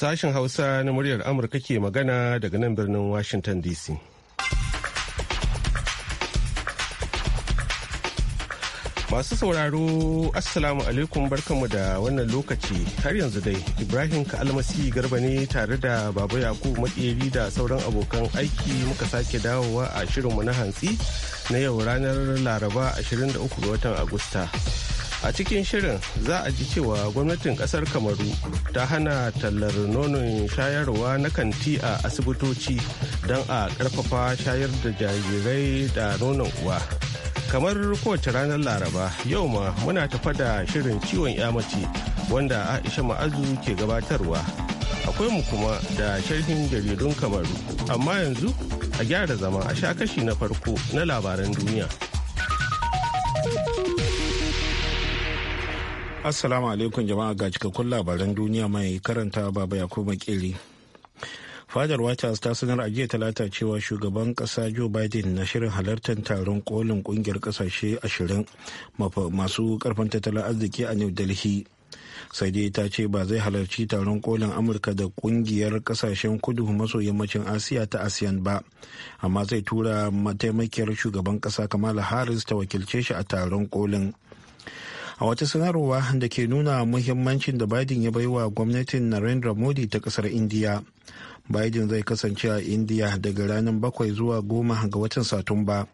Sashen Hausa na muryar Amurka ke magana daga nan birnin Washington DC. Masu sauraro, Assalamu alaikum barkanmu da wannan lokaci har yanzu dai Ibrahim Ka'almasi Garba ne tare da Baba Yakubu Makeri da sauran abokan aiki muka sake dawowa a shirinmu na hantsi na yau ranar Laraba 23 ga watan Agusta. a cikin shirin za a ji cewa gwamnatin kasar kamaru ta hana tallar nonon shayarwa na kanti a asibitoci don a karfafa shayar da jarirai da nonon uwa kamar kowace ranar laraba yau ma muna tafa da shirin ciwon yamaci wanda aisha ma'azu ke gabatarwa akwai mu kuma da sharhin jaridun kamaru amma yanzu a gyara zama a sha kashi na farko na labaran duniya. Assalamu alaikum jama'a ga cikakkun labaran duniya mai karanta baba Yakubu Makili. Fadar White House ta sanar a jiya talata cewa shugaban kasa Joe Biden na shirin halartar taron kolin kungiyar kasashe ashirin masu karfin tattalin arziki a New Delhi. sai dai ta ce ba zai halarci taron kolin amurka da kungiyar kasashen kudu maso yammacin asiya ta asiyan ba amma zai tura mataimakiyar shugaban kasa kamala harris ta wakilce shi a taron kolin a wata sanarwa da ke nuna muhimmancin da biden ya baiwa gwamnatin narendra modi ta kasar indiya biden zai kasance a indiya daga ranar bakwai zuwa goma ga watan satumba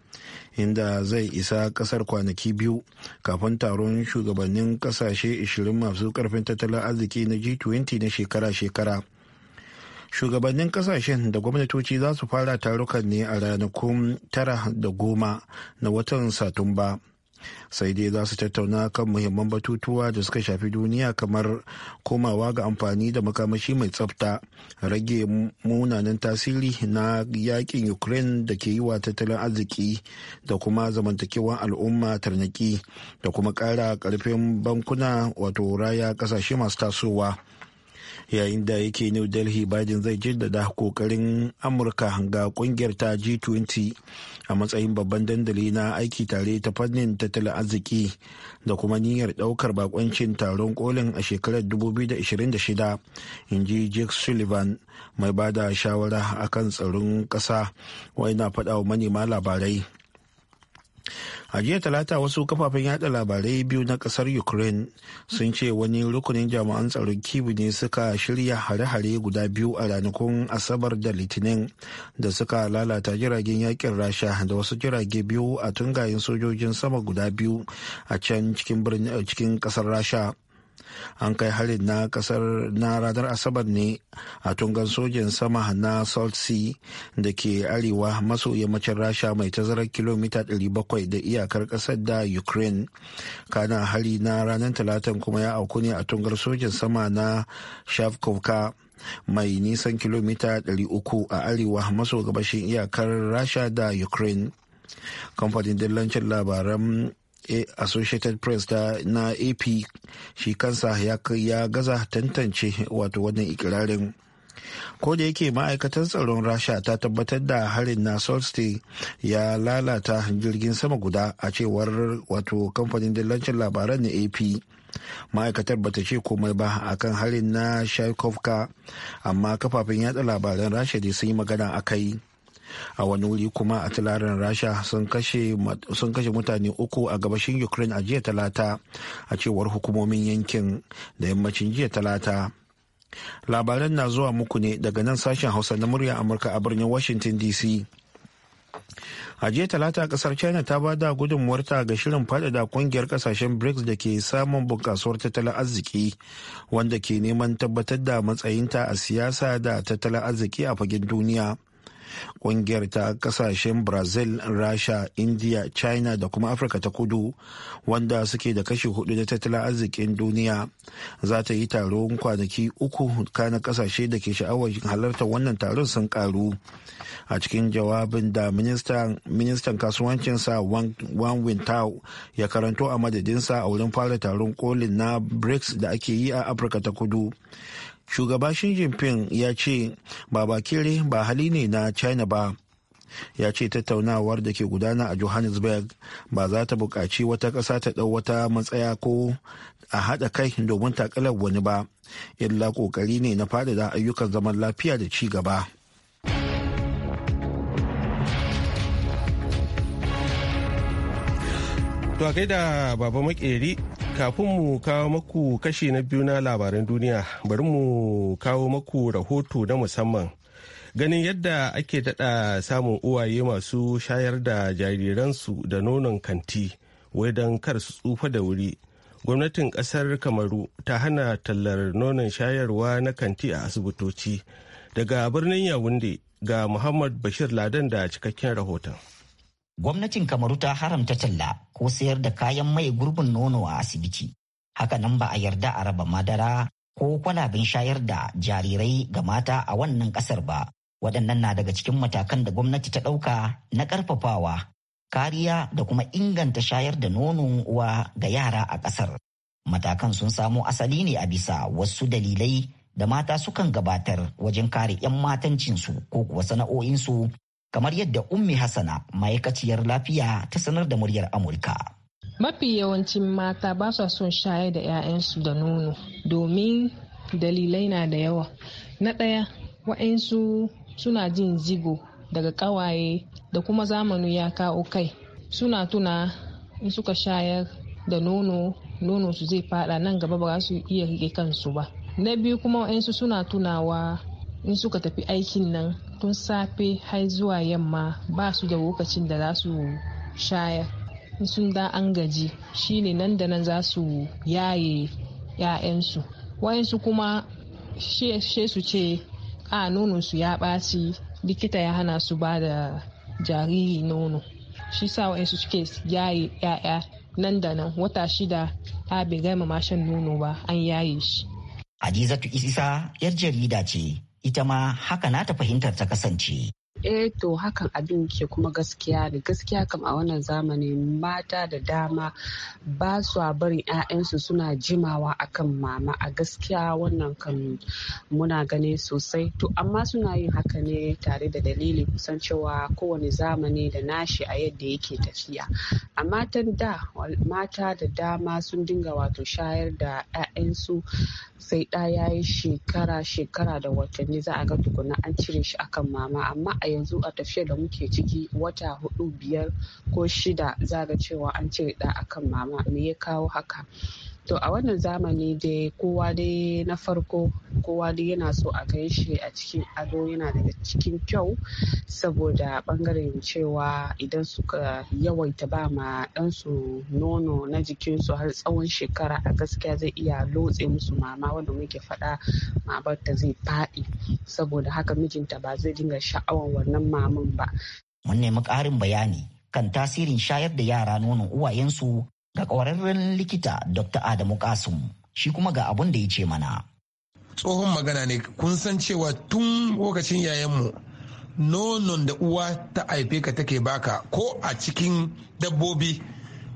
inda zai isa kasar kwanaki biyu kafin taron shugabannin kasashe 20 masu karfin tattalin arziki na g20 na shekara-shekara shugabannin kasashen da gwamnatoci za su fara tarukan ne a ranakun tara da goma na watan satumba sai dai za su tattauna kan muhimman batutuwa da suka shafi duniya kamar komawa ga amfani da makamashi mai tsafta rage munanan tasiri na yakin ukraine da ke yi wa tattalin arziki da kuma zamantakewar al'umma tarnaki da kuma kara karfin bankuna wato raya kasashe masu tasowa yayin da yake new delhi biden zai jaddada kokarin amurka ga kungiyar ta g20 a matsayin babban dandali na aiki tare ta fannin tattalin arziki da kuma niyyar daukar bakoncin taron kolin a shekarar 2026 ji jake sullivan mai bada shawara akan tsaron kasa wai na faɗa wa manema labarai a jiya talata wasu kafafen yada labarai biyu na kasar ukraine sun ce wani rukunin jami'an tsaron kibu ne suka shirya hare-hare guda biyu a ranakun asabar da litinin da suka lalata jiragen yakin rasha da wasu jirage biyu a tungayen sojojin sama guda biyu a can cikin kasar rasha an kai harin na kasar na ranar asabar ne a tungan sojin sama na salt sea da ke arewa maso yammacin rasha mai tazarar kilomita 700 da iyakar kasar da ukraine kana hari na ranar talatan kuma ya auku ne a tungar sojin sama na shafkovka mai nisan kilomita 300 a arewa maso gabashin iyakar rasha da ukraine kamfanin dillancin labaran Eh, associated press ta na ap shi kansa ya gaza tantance wato wannan ikirarin ko da yake ma'aikatar tsaron rasha ta tabbatar da harin na solstice ya lalata jirgin sama guda a cewar wato kamfanin dillancin labaran na ap ma'aikatar bata ce komai ba akan harin na shaikovka amma kafafen yada labaran rasha da sun yi magana a kai a wani wuri kuma a tilarin rasha sun kashe mutane uku a gabashin ukraine a jiya talata a cewar hukumomin yankin da yammacin jiya talata labaran na zuwa muku ne daga nan sashen hausa na murya amurka a birnin washington dc a jiya talata kasar china ta ba da gudunmuwarta ga shirin faɗaɗa kungiyar kasashen brics da ke samun bunkasuwar tattalin arziki wanda ke neman tabbatar da matsayinta a siyasa da tattalin arziki a fagen duniya kungiyar ta kasashen Brazil, Rasha, India, China da kuma Afirka ta kudu wanda suke da kashi hudu da tattalin arzikin duniya za ta yi taron kwanaki uku kana kasashe da ke sha'awar halartar wannan taron sun karu. A cikin jawabin da ministan kasuwancinsa Wang Wintao ya karanto a madadinsa a wurin fara taron kolin na BRICS da ake yi a Afirka ta kudu. shugaba Xi Jinping ya ce ba bakire ba hali ne na China ba. Ya ce tattaunawar da ke gudana a Johannesburg ba za ta buƙaci wata ƙasa ta ɗau wata matsaya ko a haɗa kai domin takalar wani ba, illa ƙoƙari ne na faɗaɗa ayyukan zaman lafiya da ci gaba. To a gaida baba makeri kafin mu kawo maku kashi na biyu na labaran duniya bari mu kawo maku rahoto na musamman ganin yadda ake daɗa samun uwaye masu shayar da jariransu da nonon kanti wai don kar su tsufa da wuri gwamnatin ƙasar kamaru ta hana tallar nonon shayarwa na kanti a asibitoci daga birnin yawunde ga muhammad bashir ladan da cikakken rahoton Gwamnatin Kamaru ta haramta talla ko sayar da kayan mai gurbin nono a asibiti. Hakanan ba a yarda a raba madara ko kwalaben shayar da jarirai ga mata a wannan ƙasar ba. Waɗannan na daga cikin matakan da gwamnati ta ɗauka na ƙarfafawa, kariya da kuma inganta shayar da nonon uwa ga yara a ƙasar. Matakan sun samo asali ne a bisa wasu dalilai da mata sukan gabatar wajen kare 'yan matancinsu ko kuwa sana'o'insu kamar yadda ummi hassana ma'aikaciyar lafiya ta sanar da muryar amurka mafi yawancin mata ba sa son shayar da 'ya'yansu da nono domin dalilai na da yawa na ɗaya wa'insu suna jin zigo daga kawaye da kuma zamani ya kawo kai suna tuna in suka shayar da nono nono su zai fada nan gaba ba su iya rike kansu ba na biyu kuma wa'insu suna tunawa in suka tafi aikin nan tun safe har zuwa yamma ba su da lokacin da za su shayar in sun da an gaji shine nan da nan za su yaye 'ya'yansu wayansu kuma she su ce a su ya ɓaci likita ya hana su ba da jariri nono shi sa wayansu suke yaye 'ya'ya nan da nan wata shida ta bai gama shan nono ba an yaye shi Hadizatu Isa yar jarida ce ita ma haka na ta fahimtar ta kasance Eh to hakan abin ke kuma gaskiya ne gaskiya kam a wannan zamani mata da dama ba su barin 'ya'yansu suna jimawa akan mama a gaskiya wannan kan muna gani sosai to amma suna yin haka ne tare da dalili kusan cewa kowane zamani da nashi a yadda yake tafiya amma matan da mata da dama sun dinga wato shayar da 'ya'yansu sai ɗa ya yi shekara shekara da watanni za a ga tukuna an cire shi akan mama amma a yanzu a tafiyar da muke ciki wata hudu biyar ko shida za ga cewa an cire da akan mama me ya kawo haka to a wannan zamani dai kowa dai na farko kowa dai yana so a gan shi a cikin ado yana daga cikin kyau saboda bangaren cewa idan suka yawaita ba ma ɗansu nono na jikinsu har tsawon shekara a gaskiya zai iya lotse musu mama wanda muke faɗa mabar zai faɗi saboda haka mijinta ba zai dinga sha'awar wannan maman ba. Mun nemi ƙarin bayani kan tasirin shayar da yara nonon uwayensu ga kwararren likita Dr. Adamu Kasum shi kuma ga abun da ya ce mana. Tsohon magana ne kun san cewa tun lokacin yayanmu nonon da uwa ta haife ka take baka ko a cikin dabbobi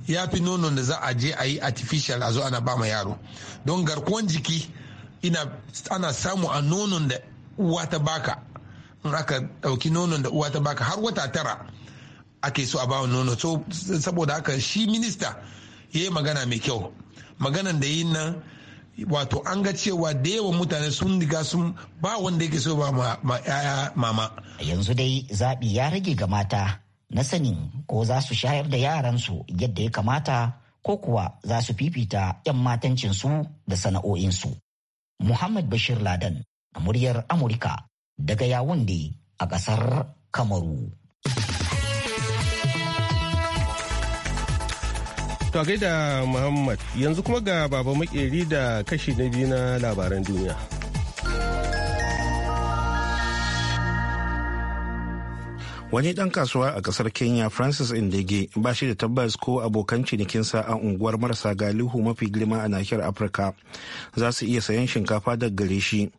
ya fi nonon da za a je a yi artificial a zo ana ba yaro don garkuwan jiki ana samu a nonon da uwa ta baka in aka dauki nonon da uwa ta baka har wata tara ake so a bawa nono saboda haka shi minista ya yi magana mai kyau maganan da yi nan wato an ga cewa da yawan mutane sun riga sun ba wanda yake so ba ma yaya mama yanzu dai zaɓi ya rage ga mata na sanin ko za su shayar da yaransu yadda ya kamata ko kuwa za su fifita 'yan matancinsu da sana'o'insu muhammad bashir ladan muryar amurka daga yawon a ƙasar kamaru To gaida Muhammad yanzu kuma ga baba makeri da kashi na biyu na labaran duniya. Wani ɗan kasuwa a ƙasar Kenya Francis Indege ba shi da tabbas ko abokan cinikinsa a unguwar marasa galihu mafi girma a nahiyar Afirka za su iya sayan shinkafa daga gare shi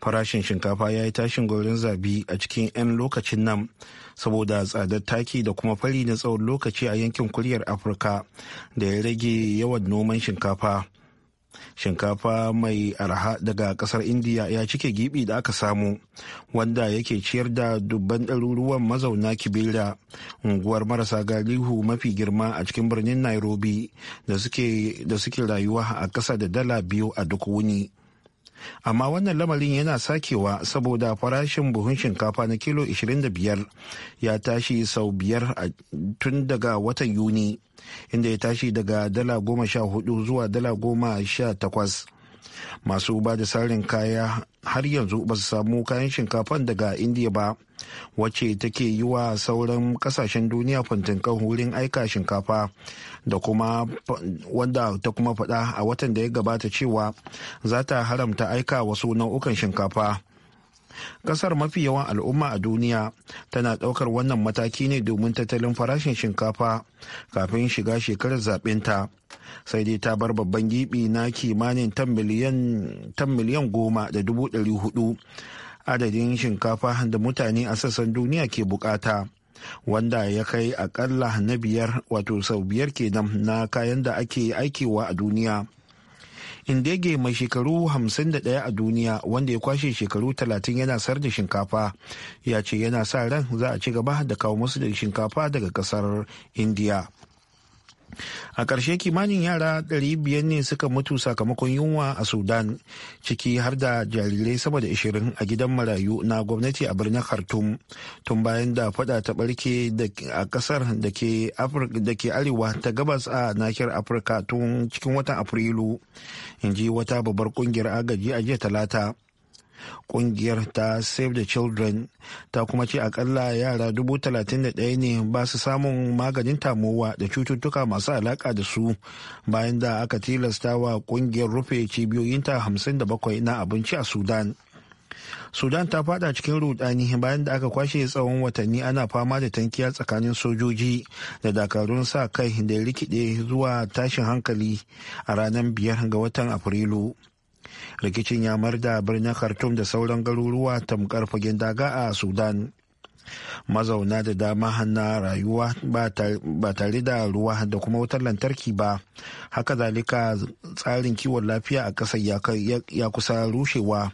farashin shinkafa ya yi tashin gwaurin zabi a cikin 'yan lokacin nan saboda tsadar taki da kuma fari na tsawon lokaci a yankin kuryar afirka da ya rage yawan noman shinkafa shinkafa mai arha daga kasar indiya ya cike gibi da aka samu wanda yake ciyar da dubban ɗaruruwan mazauna kibera unguwar marasa galihu mafi girma a cikin birnin nairobi da suke rayuwa a ƙasa da dala biyu a duk wuni amma wannan lamarin yana sakewa saboda farashin buhun shinkafa na kilo 25 ya tashi sau biyar tun daga watan yuni inda ya tashi daga dala goma sha hudu zuwa dala goma sha takwas masu ba da sarin kaya har yanzu ba su samu kayan shinkafan daga indiya ba wacce take yi wa sauran kasashen duniya kan wurin aika shinkafa da kuma wanda ta kuma fada a watan da ya gabata cewa za ta haramta aika wasu nau'ukan shinkafa kasar mafi yawan al'umma a duniya tana daukar wannan mataki ne domin tattalin farashin shinkafa kafin shiga shekarar ta sai dai ta bar babban gibi na kimanin tan miliyan goma da dubu ɗari hudu adadin shinkafa da mutane a sassan duniya ke bukata wanda ya kai akalla na biyar wato sau biyar kenan na kayan da ake aikewa a duniya Indege mai shekaru 51 a duniya wanda ya kwashe shekaru 30 yana sayar da shinkafa ya ce yana sa ran za a ci gaba da kawo musu da shinkafa daga kasar indiya a ƙarshe kimanin yara 500 ne suka mutu sakamakon yunwa a sudan ciki har da jarirai sama da 20 a gidan marayu na gwamnati a birnin khartoum tun bayan da fada ta ɓarke a ƙasar da ke arewa ta gabas a nahiyar afirka tun cikin watan afrilu in ji wata babbar kungiyar agaji a jiya talata kungiyar ta save the children ta kuma ce akalla yara dubu ɗaya ne ba su samun maganin tamowa da cututtuka masu alaka da su bayan da aka tilasta wa kungiyar rufe cibiyoyinta 57 na abinci a sudan sudan ta fada cikin rudani bayan da aka kwashe tsawon watanni ana fama da tankiya tsakanin sojoji da dakarun sa kai da rikide zuwa tashin hankali a ranar biyar ga watan afrilu rikicin ya da birnin khartoum da sauran garuruwa tamkar fagen daga a sudan mazauna da dama hana rayuwa ba tare da ruwa da kuma wutar lantarki ba haka zalika tsarin kiwon lafiya a ƙasar ya kusa rushewa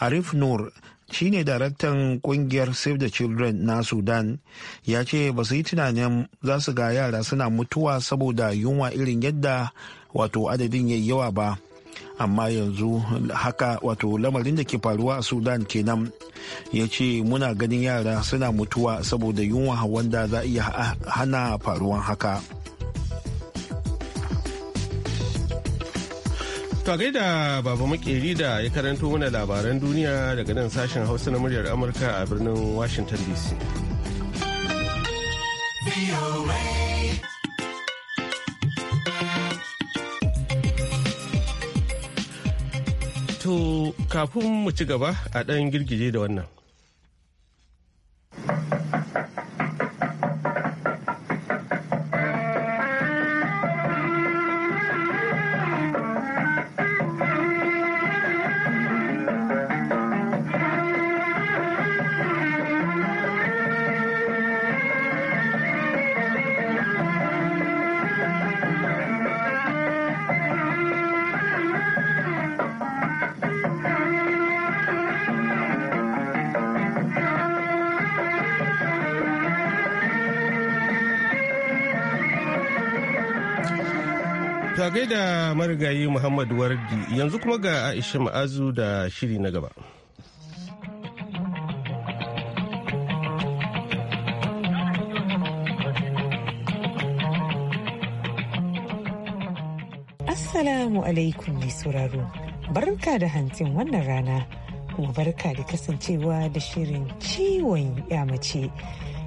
arif nur shine daraktan kungiyar save the children na sudan ya ce ba su yi tunanin za su ga yara suna mutuwa saboda yunwa irin yadda wato adadin yayi yawa ba amma yanzu haka wato lamarin da ke faruwa a sudan kenan ya ce muna ganin yara suna mutuwa saboda yunwa wanda za iya hana faruwan haka To gaida baba makeri da ya karanto mana labaran duniya daga nan sashen hausa na muryar amurka a birnin washington dc. To kafin mu ci gaba a ɗan girgije da wannan. da marigayi Muhammad Wardi yanzu kuma ga Aisha Ma'azu da shiri na gaba. Assalamu alaikum mai sauraro, barka da hantin wannan rana kuma barka da kasancewa da shirin ciwon ya mace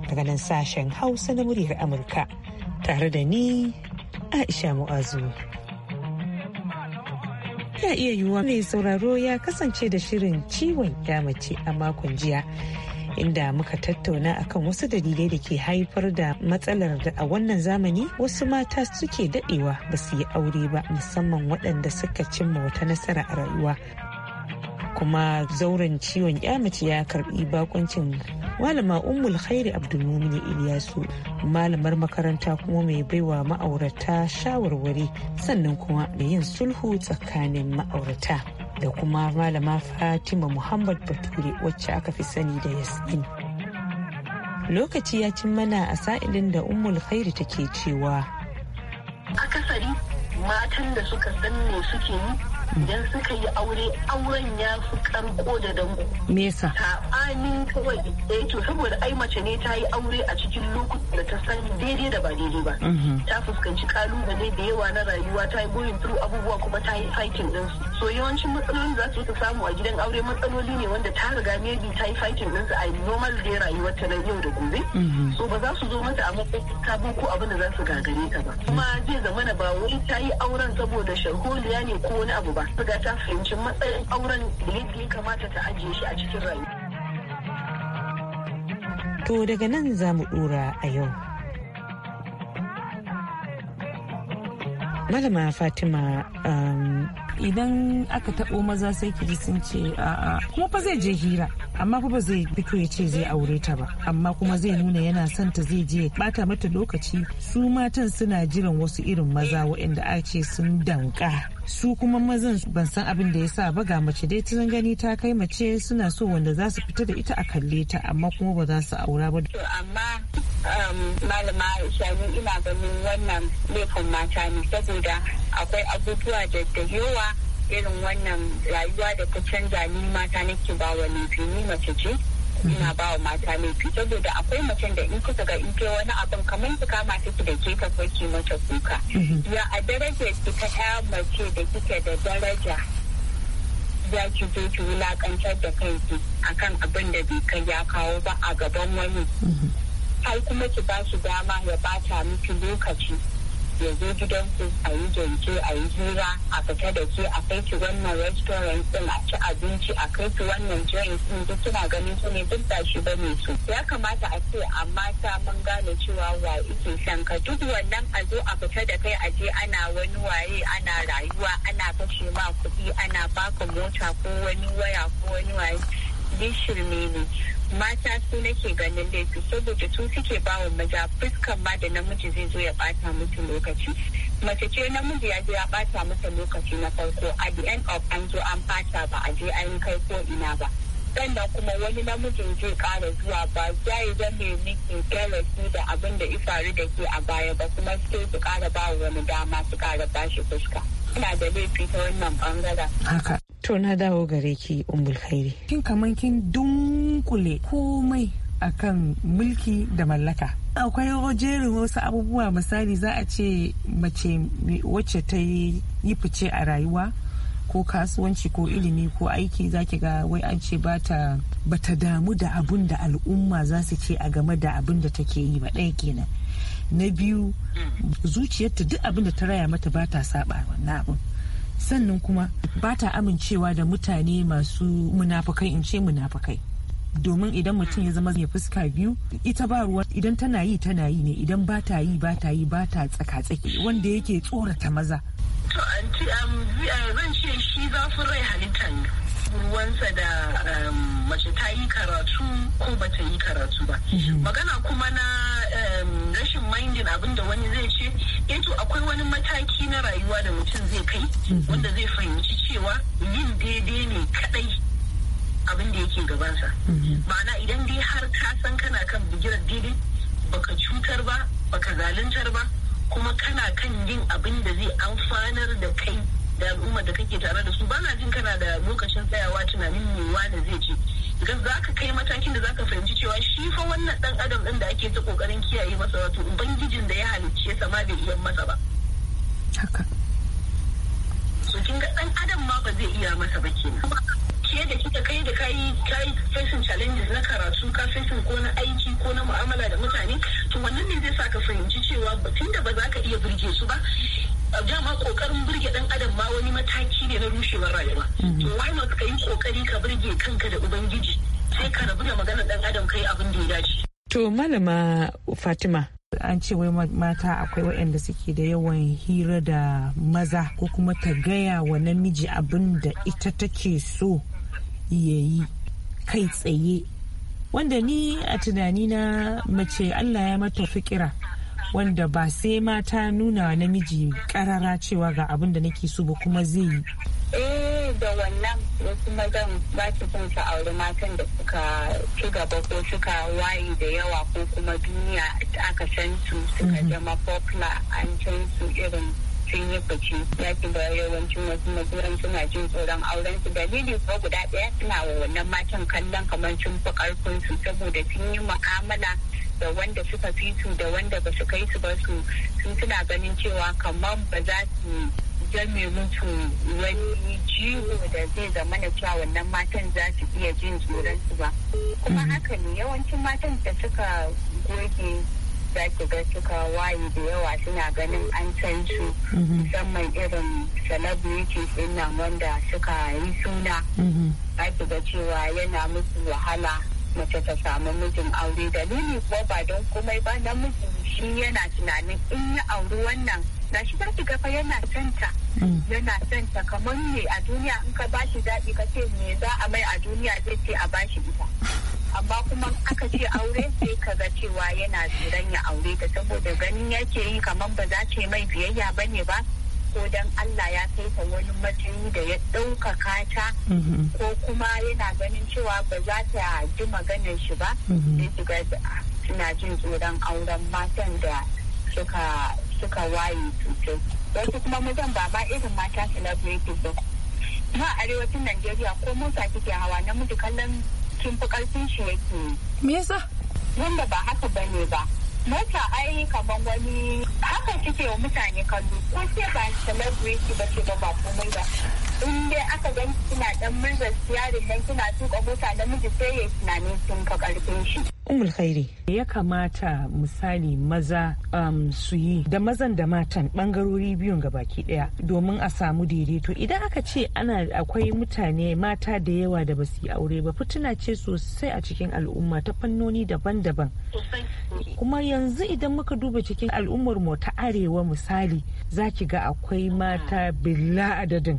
daga nan sashen hausa na muryar Amurka tare da ni Aisha Mu'azu. ana iya yiwuwa mai sauraro ya kasance da shirin ciwon mace a makon jiya inda muka tattauna akan wasu dalilai da ke haifar da matsalar da a wannan zamani wasu mata suke dadewa ba su yi aure ba musamman waɗanda suka cimma wata nasara a rayuwa kuma zauren ciwon mace ya karbi bakoncin malama ummul khairi abdulmumin iliyasu malamar makaranta kuma mai baiwa ma'aurata shawarwari sannan kuma da yin sulhu tsakanin ma'aurata da kuma malama fatima muhammad bature wacce aka fi sani da yasin lokaci ya cin mana a sa'ilin da ummul khairi take cewa akasari matan da suka sanne suke yi idan suka yi aure auren ya fi karko da dango Mesa. Ta kawai eh to saboda ai mace ne ta yi aure a cikin lokacin da ta san daidai da ba daidai ba mhm. ta fuskanci kalubale da yawa na rayuwa ta yi going through abubuwa kuma ta yi fighting ɗinsu. so yawancin matsaloli za su samu a gidan aure matsaloli ne wanda ta riga maybe ta yi fighting ɗinsu a normal day rayuwar ta na yau da gobe mhm. so ba za su zo mata a matsayin sabo ko abin da za su gagare ta ba kuma zai na ba wai ta yi auren saboda sharholiya ne ko wani abu ba su ga ta fahimci matsayin auren da ya kamata ta ajiye shi a cikin rayuwa. To daga nan za mu ɗora a yau. Malama Fatima um, idan aka taɓo maza sai ki ji sun ce a'a kuma fa zai je hira amma fa ba zai fito ya ce zai aure ta ba amma kuma zai nuna yana son ta zai je bata mata lokaci su matan suna jiran wasu irin maza waɗanda a ce sun danka su kuma mazan ban san abin da ya sa ba ga mace dai tun gani ta kai mace suna so wanda za su fita da ita a kalle ta amma kuma ba za su aura ba. amma um, malama aisha ina ganin wannan laifin mata ne saboda akwai abubuwa da yawa irin wannan rayuwa da ta canza ni mata nake ba wa laifi ni mace ce ina ba wa mata laifi saboda akwai mace da in kuka ga in kai wani abin kamar su kama take da ke ka ki mata kuka mhm. ya a daraja ki ta ya mace da kike da daraja ya ki zo ki wulakantar da kanki akan abin da bai kai ya kawo ba a gaban wani mhm. har kuma ki ba shi dama ya bata miki lokaci ya zo gidanku a yi janke a yi hira a fita da ke a kai ki wannan restaurant din a ci abinci a kai ki wannan joint din duk kina ganin su ne duk ba shi bane su ya kamata a ce amma ta mun gane cewa wa ike shan ka duk wannan a zo a fita da kai a je ana wani waye ana rayuwa ana kashe ma kuɗi ana baka mota ko wani waya ko wani waye duk ne mata su nake ganin laifi saboda su suke bawa maza fuskan ma da namiji zai zo ya bata musu lokaci mace ce namiji ya je ya bata masa lokaci na farko a the end of an zo an fata ba a je an kai ko ina ba sannan kuma wani namiji zai kara zuwa ba za yi zame miki garasi da abin da ifaru da ke a baya ba kuma sai su kara ba wani dama su kara ba shi fuska ina da laifi ta wannan bangaren haka to na dawo gare ki umbul khairi kin kaman kin dun dunkule komai akan mulki da mallaka akwai jerin wasu abubuwa misali za a ce mace wacce ta yi fice a rayuwa ko kasuwanci ko ilimi ko aiki za ki ga wai an ce bata bata damu da abun da al'umma za su ce a game da abun da take yi ba ɗaya kenan na biyu zuciyarta duk abin da ta raya mata ba ta saba wannan abin sannan kuma ba ta amincewa da mutane masu munafakai in ce munafukai domin idan mutum ya zama ya fuska biyu ita ba ruwa idan tana yi tana yi ne idan ba ta yi ba ta yi ba ta tsaka-tsaki wanda yake tsorata maza to anti um, uh, zan ce shi zafin rai halittar ruwansa da um, mace ta yi karatu ko ba ta yi karatu ba mhm. magana kuma na um, rashin mindin da wani zai ce eto eh akwai wani mataki na rayuwa da mutum zai kai mhm. wanda zai fahimci cewa yin daidai ne kadai abin da yake gabansa mhm. ma'ana idan dai har ka san kana kan bigirar didi baka cutar ba baka zaluntar ba kuma kana kan yin abin da zai amfanar da kai da al'ummar da kake tare da su ba na jin kana da lokacin tsayawa tunanin me wani zai ce idan za ka kai matakin da za ka fahimci cewa shi fa wannan ɗan adam din da ake ta kokarin kiyaye masa wato ubangijin da ya halicce ya ma bai iya masa ba haka so kin ga ɗan adam ma ba zai iya masa ba kenan ke da kika kai da kayi kayi facing challenges na karatu ka facing ko na aiki ko na mu'amala da mutane to wannan ne zai sa ka fahimci cewa batun da ba za ka iya burge su ba dama kokarin burge dan adam ma wani mataki ne na rushewar rayuwa mhm. to why not ka yi kokari ka burge kanka da ubangiji sai ka rabu da maganar dan adam kai abin da ya dace to malama fatima an ce wai mata akwai waɗanda suke da yawan hira da maza ko kuma ta gaya wa namiji abin da ita take so ya yi kai tsaye wanda ni a tunani na mace allah ya mata fikira wanda ba sai mata nuna namiji karara cewa ga abin da nake so ba kuma zai yi eh, da wannan wasu mazan ba su son su auri matan da suka ci gaba ko suka waye da yawa ko kuma duniya aka san su suka mhm. zama popular an can su irin sun yi fice ya ci da yawancin wasu mazuran suna jin tsoron auren su dalili ko guda ɗaya suna wa wannan matan kallon kamar sun fi ƙarfin su saboda sun yi mu'amala da wanda suka fi su da wanda ba su kai su ba su sun suna ganin cewa kamar ba za su zame mutu wani jiho da zai zama na cewa wannan matan za su iya jin tsoron su ba kuma haka ne yawancin matan da suka goge zaki ga suka waye da yawa suna ganin an san su mhm. musamman irin celebrities din nan wanda suka yi suna mhm. za ki ga cewa yana musu wahala mace ta samu mijin aure dalili kuma ba don komai ba na miji shi yana tunanin in ya auri wannan na shi za ga fa yana santa mhm. yana santa kamar ne a duniya in ka bashi zaɓi ka ce me za a mai a duniya zai ce a bashi ita amma kuma aka ce aure sai ka ga cewa yana tsoron ya aure ta saboda ganin yake yi kamar ba za ta mai biyayya ba ne ba ko dan Allah ya kai ta wani matsayi da ya ɗaukaka ta mm-hmm. ko kuma yana ganin cewa ba za ta ji maganar shi ba mm-hmm. sai suna jin tsoron auren matan da suka waye sosai wasu kuma mazan ba ma irin mata celebrities ba ma arewacin Najeriya ko mota kike hawa na namiji kallon kin fi ƙarfin shi yake me yasa wanda ba haka bane ba mota ai kaman wani haka kike wa mutane kallo ko ce ba celebrity ba ce ba ba komai ba in dai aka gan kina dan murzar siyarin nan kina tuka mota namiji sai ya tunanin kin ka karfin shi umul khairi ya kamata misali maza um, su yi da mazan da matan bangarori biyun ga baki daya domin a samu daidaito idan aka ce ana akwai mutane mata da yawa da basu yi aure ba fituna ce sosai a cikin al'umma ta fannoni daban-daban kuma yanzu idan muka duba cikin al'ummar mu ta arewa misali zaki ga akwai mata billa adadin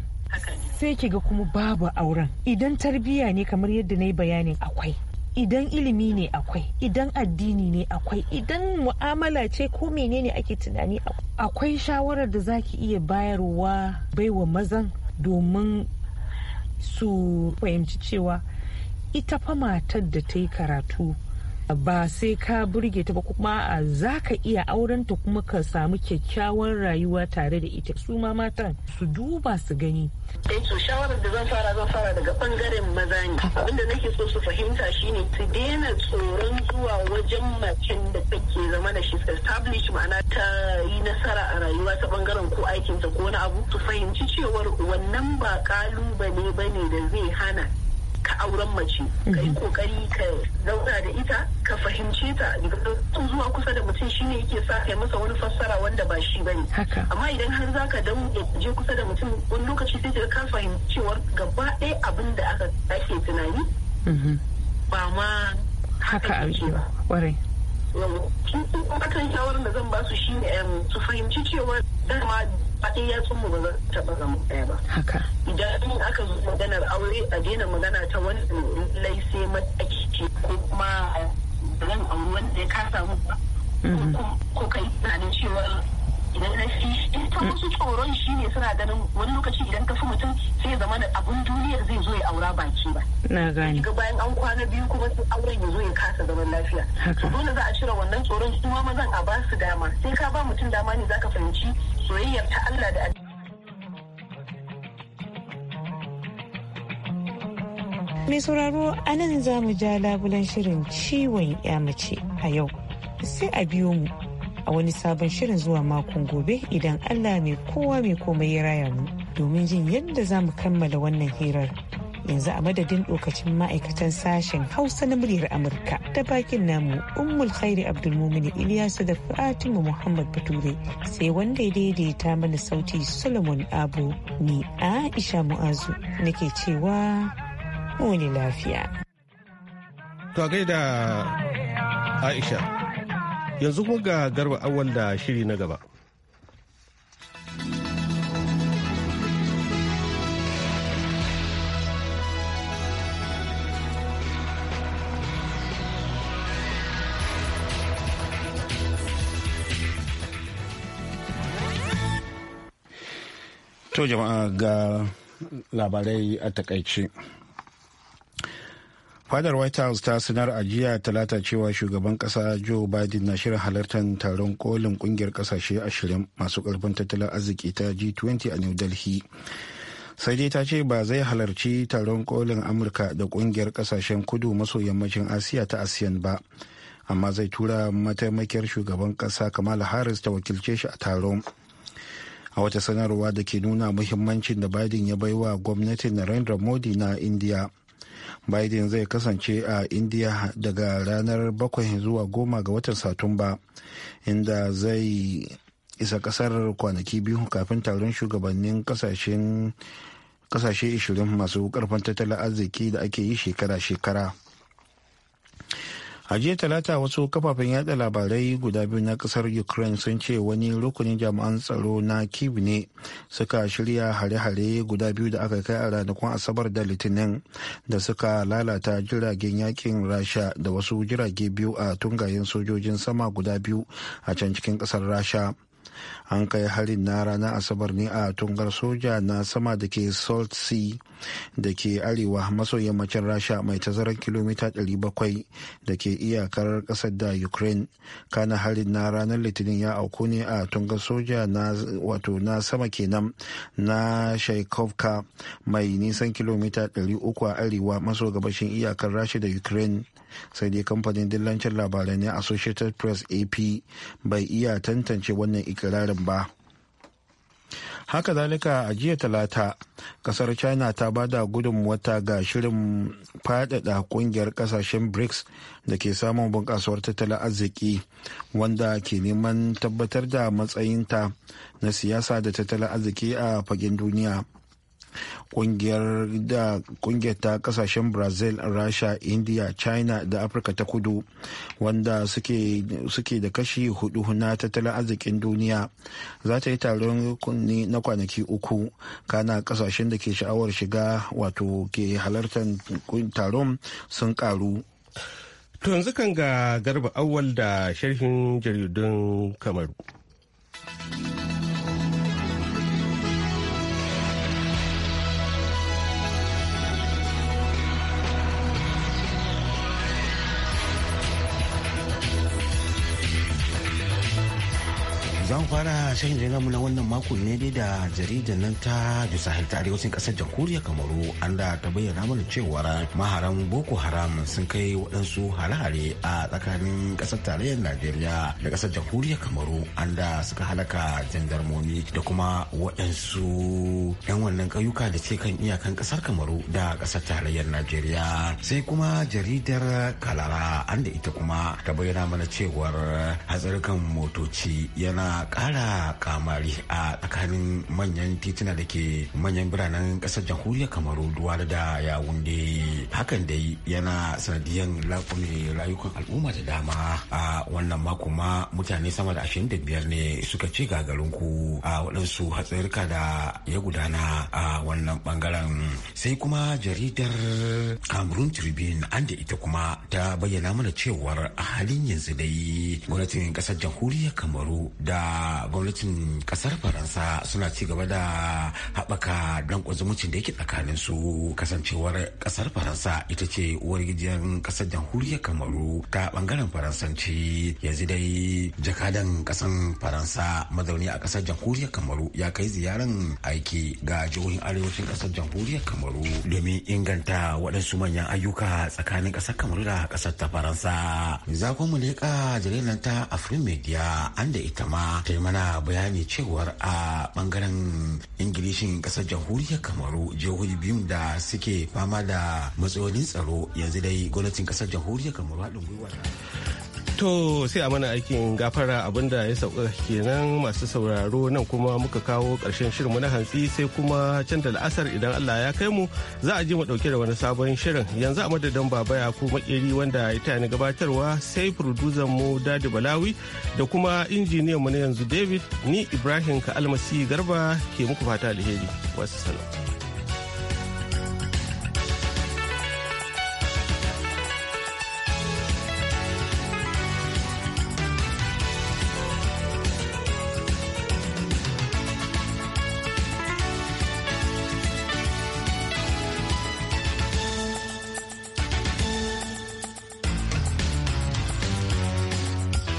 sai ki ga kuma babu auren idan tarbiyya ne kamar yadda na yi bayanin akwai idan ilimi ne akwai idan addini ne akwai idan mu'amala ce ko menene ake tunani akwai shawarar da zaki iya bayarwa baiwa mazan domin su fahimci cewa ita fa matar da ta yi karatu ba sai ka burge ta ba kuma a za ka iya ta kuma ka samu kyakkyawan rayuwa tare da ita su ma matan su duba su gani. Eh to shawarar da zan fara zan fara daga bangaren maza ne. Abinda nake so su fahimta shine su daina tsoron zuwa wajen macen da take zama da shi establish ma'ana ta yi nasara a rayuwa ta bangaren ko aikinta ko wani abu su fahimci cewar wannan ba kalubale bane da zai hana ka auren mace ka yi mhm. kokari ka zauna da ita ka fahimce ta zuwa kusa da mutum shine yake sa kai masa wani fassara wanda ba shi bane amma idan har zaka daure je kusa da mutum wani lokaci sai ka fahimci cewar gaba ɗaya abin da aka ake tunani mhm. ba ma haka ake ba kwarai kin kuma kan shawarar da zan ba su shine su fahimci cewa dama faɗi ya mu ba za taɓa zama ɗaya ba. Haka. Idan aka zo maganar aure a daina magana ta wani lai sai mataki ce ko kuma eh, zan auri wanda ya kasa samu ba. Mm-hmm. Ko kai tunanin cewa kuma shi tsoron shi ne suna ganin wani lokaci idan ka fi mutum sai zama da abun duniyar zai zo ya aura baki ba na gani ga bayan an kwana biyu kuma sai auren ya zo ya kasa zaman lafiya to dole za a cire wannan tsoron su ma mazan a ba su dama sai ka ba mutum dama ne zaka fahimci soyayyar ta Allah da Mai sauraro anan za mu ja labulan shirin ciwon ya mace a yau sai a biyo mu a wani sabon shirin zuwa makon gobe idan Allah mai kowa mai komai ya raya mu domin jin yadda za mu kammala wannan hirar. Yanzu a madadin lokacin ma'aikatan sashen Hausa na muryar Amurka ta bakin namu Ummul Khairi Abdulmumin Ilyasu da Fatima Muhammad Bature sai wanda ya daidaita mana sauti Solomon Abu ni Aisha Mu'azu nake cewa muni lafiya. To gaida Aisha. yanzu kuma ga garba awal da shiri na gaba To jama'a ga labarai a takaice. fadar white house ta sanar a jiya talata cewa shugaban kasa joe biden na shirin halartar taron kolin kungiyar kasashe ashirin masu karfin tattalin arziki ta g20 a new delhi sai dai ta ce ba zai halarci taron kolin amurka da kungiyar kasashen kudu maso yammacin asiya ta asiyan ba amma zai tura mataimakiyar shugaban kasa kamala harris ta wakilce shi a taron a wata sanarwa da ke nuna muhimmancin da biden ya baiwa gwamnatin narendra modi na india biden zai kasance a indiya daga ranar bakwai zuwa goma ga watan satumba inda zai isa kasar kwanaki biyu kafin taron shugabannin kasashen kasashe 20 masu karfin tattalin arziki da ake yi shekara-shekara a jiya talata wasu kafafen yada labarai guda biyu na kasar ukraine sun ce wani rukunin jami'an tsaro na kyiv ne suka shirya hare-hare guda biyu da aka kai a ranakun asabar da litinin da suka lalata jiragen yakin rasha da wasu jirage biyu a tungayen sojojin sama guda biyu a can cikin kasar rasha an kai harin na ranar asabar ne a tungar soja na sama da ke salt sea da ke arewa maso yammacin rasha mai tazarar kilomita 700 da ke iyakar kasar da ukraine kana harin na ranar litinin ya auku ne a tungar soja na wato na sama kenan na shaikovka mai nisan kilomita 300 a arewa maso gabashin iyakar rasha da ukraine sai dai kamfanin dillancin labarai na associated press ap bai iya tantance wannan ikirarin ba haka zalika a jiya talata kasar china ta ba da gudunmuwata ga shirin fadada kungiyar kasashen brics da ke samun bunkasuwar tattalin arziki wanda ke neman tabbatar da matsayinta na siyasa da tattalin arziki a fagen duniya kungiyar ta kasashen brazil rasha india china da afirka ta kudu wanda suke da kashi hudu na tattalin arzikin duniya za ta yi taron kunni na kwanaki uku kana kasashen da ke sha'awar shiga wato ke halartar taron sun karu to yanzu kan ga garba awwal da sharhin jaridun kamaru zan fara shahin jirgin na wannan makon ne dai da jaridar nan ta da ta arewacin kasar jamhuriyar kamaru an da ta bayyana mana cewa maharan boko haram sun kai waɗansu hare-hare a tsakanin kasar tarayyar najeriya da kasar jamhuriyar kamaru an da suka halaka jandarmomi da kuma waɗansu yan wannan ƙauyuka da ce kan iyakan kasar kamaru da kasar tarayyar najeriya sai kuma jaridar kalara an da ita kuma ta bayyana mana cewar hatsarukan motoci yana kara kamari a tsakanin manyan tituna da ke manyan biranen ƙasar jamhuriyar kamaru duwar da wunde hakan dai yana sanadiyan laƙume rayukan al'umma da dama a wannan mako ma mutane sama da ashirin da biyar ne suka ce ku a waɗansu hatsarika da ya gudana a wannan bangaren sai kuma jaridar cameroon tribune an da ita kuma ta bayyana mana cewar a halin yanzu dai gwamnatin ƙasar jamhuriyar kamaru da gwamnatin kasar faransa suna ci gaba da haɓaka danƙon zumuncin da yake tsakanin su kasancewar kasar faransa ita ce uwar gijiyar kasar jamhuriyar kamaru ta bangaren faransanci yanzu dai jakadan kasan faransa mazauni a kasar jamhuriyar kamaru ya kai ziyaran aiki ga jihohin arewacin kasar jamhuriyar kamaru domin inganta waɗansu manyan ayyuka tsakanin kasar kamaru da kasar ta faransa za mu leƙa jaridar ta afrin media an da ita ma kuma mana bayani cewar a bangaren ingilishin kasar jamhuriyar kamaru jihohi biyu da suke fama da matsalolin tsaro yanzu dai gwamnatin kasar jamhuriyar kamaru haɗin gwiwa To sai a mana aikin gafara abinda ya sauka kenan masu sauraro nan kuma muka kawo ƙarshen shirinmu na hantsi sai kuma can da la'asar idan Allah ya kai mu za a ji mu ɗauke da wani sabon shirin yanzu a madadin baba ya ko makeri wanda ya tani gabatarwa sai producer mu Dadi Balawi da kuma injiniyan mu na yanzu David ni Ibrahim Ka Almasi Garba ke muku fata alheri. Wassalam.